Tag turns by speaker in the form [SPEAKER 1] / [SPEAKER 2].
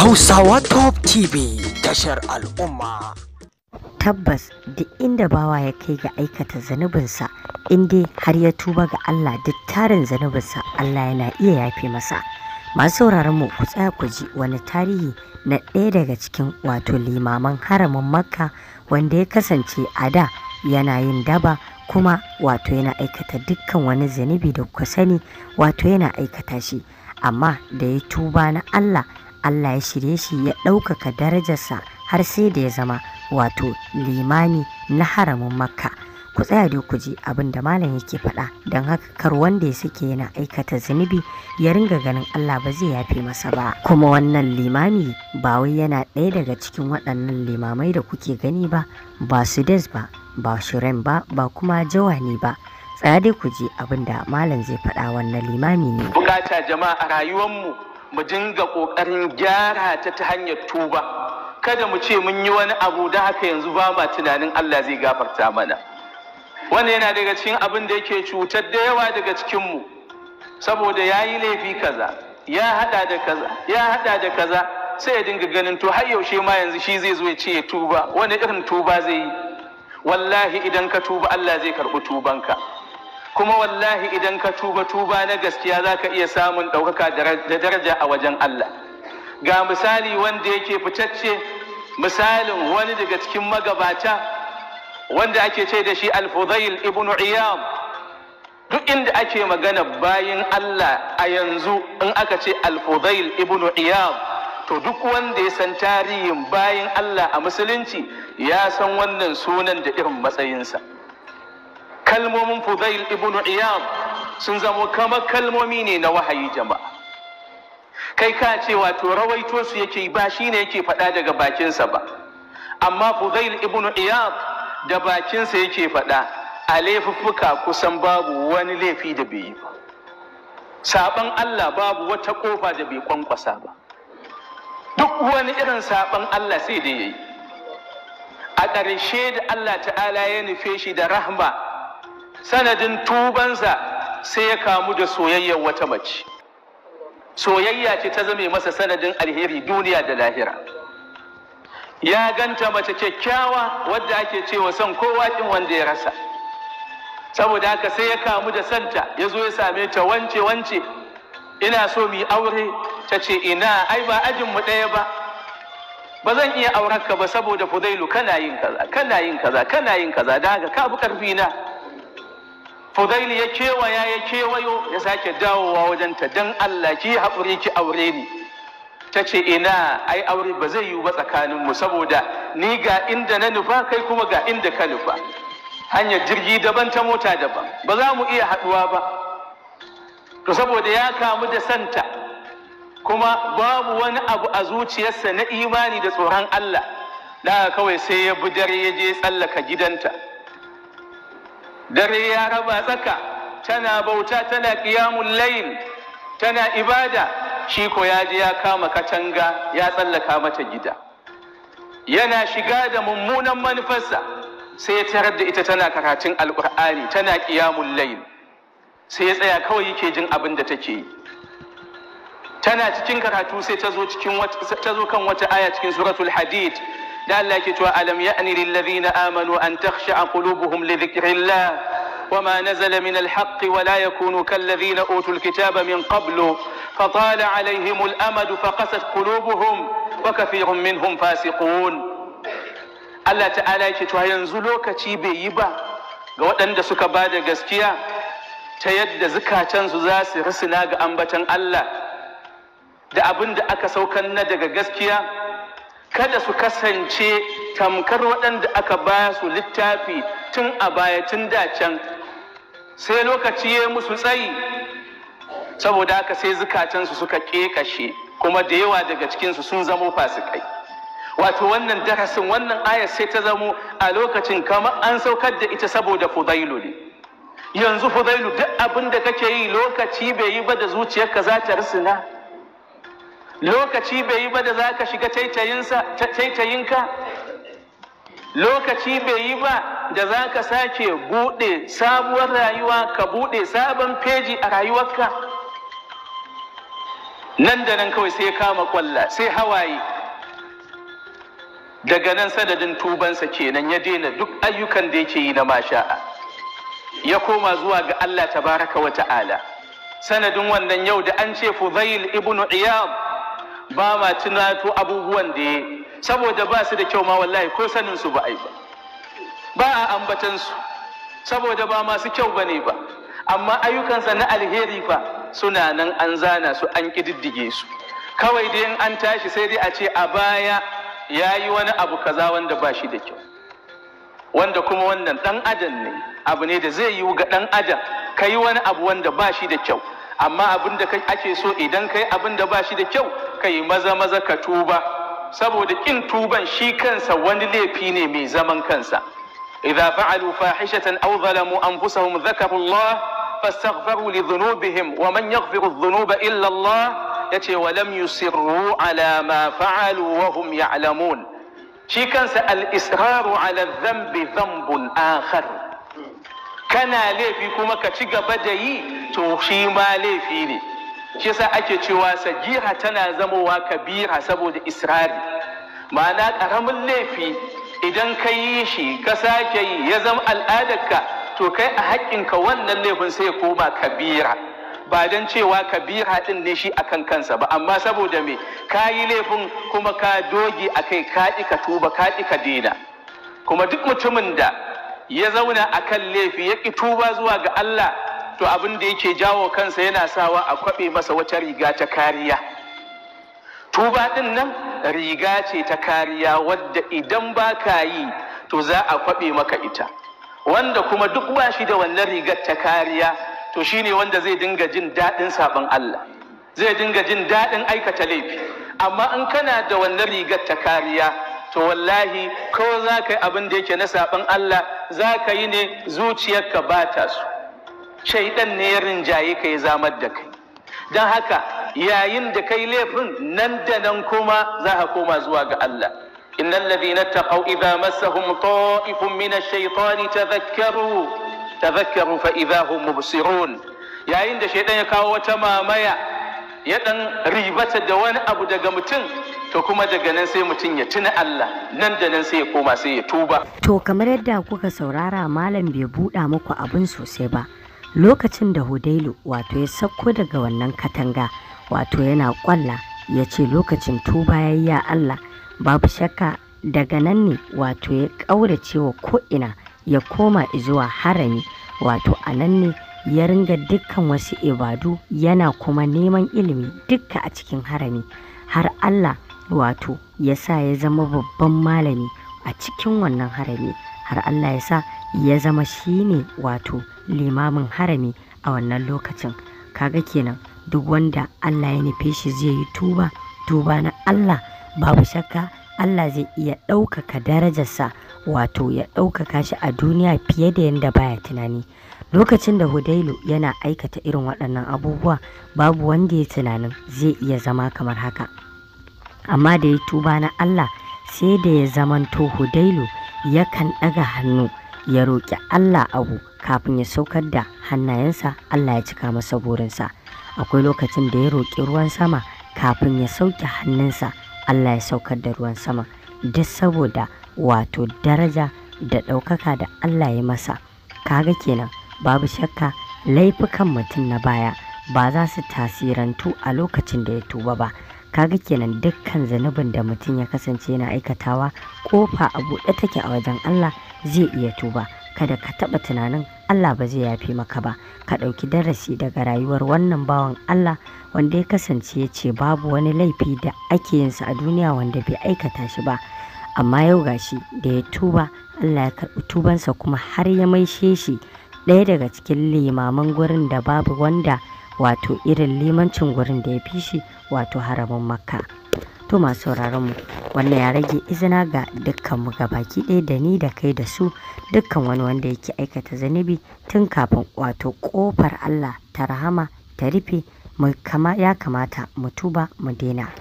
[SPEAKER 1] Hausawa Top TV tashar al'umma. Tabbas duk inda bawa ya kai ga aikata zanubinsa in dai har ya tuba ga Allah duk tarin zanubinsa Allah yana iya yafe masa. Masu mu ku tsaya ku ji wani tarihi na ɗaya daga cikin wato limaman haramin Makka wanda ya kasance a da yana yin daba kuma wato yana aikata dukkan wani zanubi da kuka sani wato yana aikata shi amma da ya tuba na Allah Allah ya shirye shi ya ɗaukaka darajarsa har sai da ya zama wato limami na haramin makka ku tsaya da ku ji abin da malam yake faɗa don haka kar wanda ya suke yana aikata zunubi ya ringa ganin Allah ba zai yafe masa ba kuma wannan limami ba wai yana ɗaya daga cikin waɗannan limamai da kuke gani ba ba su des ba ba shirin ba ba kuma jawani ba tsaya dai ku ji abin da malam zai faɗa wannan limami ne
[SPEAKER 2] bukata jama'a rayuwar mu mu dinga ƙoƙarin gyara ta ta hanyar tuba kada mu ce mun yi wani abu da haka yanzu ba ma tunanin Allah zai gafarta mana wannan yana daga cikin abin da yake cutar da yawa daga cikinmu saboda ya yi laifi kaza ya haɗa da kaza ya hada da kaza sai ya dinga ganin to har yaushe ma yanzu shi zai zo ya ce ya tuba wani irin tuba zai yi wallahi idan ka tuba Allah zai karɓi tubanka kuma wallahi idan ka tuba tuba na gaskiya za ka iya samun ɗaukaka da daraja a wajen Allah ga misali wanda yake fitacce misalin wani daga cikin magabata wanda ake ce da shi al ibn iyam duk inda ake magana bayan Allah a yanzu in aka ce al ibn iyam to duk wanda ya san tarihin bayan Allah a musulunci ya san wannan sunan da irin matsayinsa. kalmomin fuzail ibn iyam sun zama kama kalmomi ne na wahayi jama'a kai ka ce wato rawaito su yake ba shine yake faɗa daga bakinsa ba amma fuzail ibn iyam da bakinsa yake faɗa a laifuffuka kusan babu wani laifi da bai yi ba saban Allah babu wata ƙofa da bai kwankwasa ba duk wani irin saban Allah sai da yayi a ƙarshe da Allah ta'ala ya nufe shi da rahma sanadin tubansa sai ya kamu da soyayyar wata mace soyayya ce ta zame masa sanadin alheri duniya da lahira ya ganta mace kyakkyawa wadda ake cewa son kowa kin wanda ya rasa saboda haka sai ya kamu da santa ya zo ya same ta wance wance ina so mu aure ta ce ina ai ba ajin mu ɗaya ba ba zan iya aurenka ba saboda fudailu kana yin kaza kana yin kaza kana yin kaza da haka ka bi ƙarfi na Fudaili ya kewaya ya kewayo ya sake dawowa wajen ta dan Allah ki haƙuri ki aure ni ta ce ina ai aure ba zai yiwu ba tsakaninmu saboda ni ga inda na nufa kai kuma ga inda ka nufa hanyar jirgi daban ta mota daban ba za mu iya haɗuwa ba to saboda ya kamu da santa kuma babu wani abu a zuciyarsa na imani da tsoron Allah da kawai sai ya bi dare ya je tsallaka gidanta dare ya raba tsaka tana bauta tana ƙiyamun layin, tana ibada shi ko ya je ya kama katanga ya tsallaka mata gida yana shiga da mummunan manufarsa sai ya tarar da ita tana karatun alkur'ani tana kiyamun layin, sai ya tsaya kawai yake jin abin da take yi tana cikin karatu sai ta zo kan wata aya cikin suratul hadid لعلك ألم يأني للذين آمنوا أن تخشع قلوبهم لذكر الله وما نزل من الحق ولا يكونوا كالذين أوتوا الكتاب من قبل فطال عليهم الأمد فقست قلوبهم وكثير منهم فاسقون الله تعالى يكتوى ينزلوك تيبي يبا قوات أن دسوك بعد قسكيا تيد زكاة تنزو رسناق أنبتن الله da abin da aka kada su kasance tamkar waɗanda aka ba su littafi tun a baya tun da sai lokaci ya musu tsayi saboda haka sai zukatansu suka ƙeƙashe kuma da yawa daga cikinsu sun zamo fasikai wato wannan darasin wannan ayar sai ta zamo a lokacin kamar an saukar da ita saboda fudailu ne yanzu fudailu duk abin da kake yi lokaci bai yi ba da zuciyarka za ta risina lokaci bai yi ba da za ka shiga taitayinka lokaci bai yi ba da za ka sake buɗe sabuwar rayuwa ka buɗe sabon feji a rayuwarka nan da nan kawai sai kama kwalla sai hawaye daga nan sanadin tubansa kenan ya daina duk ayyukan da yake yi na masha'a ya koma zuwa ga Allah tabaraka wa ta'ala sanadin wannan yau da an ce Fudail ibn Iyad ba ma tunato abubuwan da ya saboda ba su da kyau ma wallahi ko sanin su ba yi ba ba a ambatan su saboda ba masu kyau ba ne ba amma ayyukansa na alheri fa suna nan an zana su an kididdige su kawai dai in an tashi sai dai a ce a baya ya yi wani abu kaza wanda ba shi da kyau wanda kuma wannan dan adam ne abu ne da zai yiwu ga dan adam ka yi wani abu wanda ba shi da kyau amma abin da ake so idan kai abin da ba shi da kyau kai maza maza ka tuba saboda kin tuban shi kansa wani laifi ne mai zaman kansa idza fa'alu fahishatan aw zalamu anfusahum dhakaru Allah fastaghfiru li dhunubihim wa man yaghfiru dhunuba illa Allah yace wa lam yusirru ala ma fa'alu wa hum ya'lamun shi kansa al-israru ala dhanbi dhanbun akhar kana laifi kuma ka ci gaba da yi to shi ma laifi ne shi yasa ake cewa sagiha tana zamowa kabira saboda israri ma'ana karamin laifi idan ka yi shi ka sake yi ya zama al'adarka to kai a haƙƙinka wannan laifin sai koma kabira ba don cewa kabira ɗin ne shi akan kansa ba amma saboda me ka yi laifin kuma ka doge a kai ka ka tuba ka ka dina kuma duk mutumin da ya zauna a kan laifi ya ƙi tuba zuwa ga Allah to abin da yake jawo kansa yana sawa a kwaɓe masa wata riga ta kariya tuba ɗin nan riga ce ta kariya wadda idan ba ka yi to za a kwaɓe maka ita wanda kuma duk ba shi da wannan rigar ta kariya to shine wanda zai dinga jin daɗin saɓon Allah zai dinga jin daɗin aikata laifi amma in kana da wannan rigar ta kariya to wallahi kawai za ka yi abin da yake na saɓon Allah za ka yi ne zuciyarka ba ta so shaidan ne ya rinjaye ka ya zamar da kai don haka yayin da kai laifin nan da nan kuma za ka koma zuwa ga Allah inna ladina taqaw idza massahum ta'ifun min ash-shaytani tadhakkaru tadhakkaru fa idza hum mubsirun yayin da shaidan ya kawo wata mamaya ya dan ribata da wani abu daga mutum to kuma daga nan sai mutum ya tuna Allah nan da nan sai ya koma sai ya tuba.
[SPEAKER 1] To kamar yadda kuka saurara malam bai buɗa muku abin sosai ba lokacin da Hudailu wato ya sauko daga wannan katanga wato yana kwalla ya ce lokacin tuba ya yi ya Allah babu shakka daga nan ne wato ya ƙaurace wa ko'ina ya koma zuwa harami wato a nan ne ya ringa dukkan wasu ibadu yana kuma neman ilimi dukka a cikin harami har Allah wato ya sa ya zama babban malami a cikin wannan harami har Allah ya sa ya zama shi ne wato limamin harami a wannan lokacin kaga kenan duk wanda Allah ya nufe shi zai yi tuba tuba na Allah babu shakka Allah zai iya ɗaukaka darajarsa wato ya ɗaukaka shi a duniya fiye da yadda baya tunani lokacin da hudailu yana aikata irin waɗannan abubuwa babu wanda ya tunanin zai iya zama kamar haka amma da ya tuba na Allah sai da ya zamanto hudailu yakan ɗaga hannu ya roƙi Allah abu kafin ya saukar da hannayensa Allah ya cika masa burinsa akwai lokacin da ya roƙi ruwan sama kafin ya sauke hannunsa Allah ya saukar da ruwan sama duk saboda wato daraja da ɗaukaka da Allah ya masa kaga kenan babu shakka laifukan mutum na baya ba za su tasirantu a lokacin da ya tuba ba. kaga kenan dukkan zanubin da mutum ya kasance yana aikatawa kofa a buɗe take a wajen Allah zai iya tuba kada ka taɓa tunanin Allah ba zai yafi maka ba ka ɗauki darasi daga rayuwar wannan bawan Allah wanda ya kasance ya ce babu wani laifi da ake yinsa a duniya wanda bai aikata shi ba amma yau gashi da ya tuba Allah ya karɓi tubansa kuma har ya maishe shi ɗaya daga cikin limaman gurin da babu wanda wato irin limancin wurin da ya fi shi wato haramin makka to masu sauraron mu wannan ya rage izina ga dukkan mu baki ɗaya da ni da kai da su dukkan wani wanda yake aikata zanibi tun kafin wato kofar Allah ta rahama ta rufe ya kamata mu tuba mu daina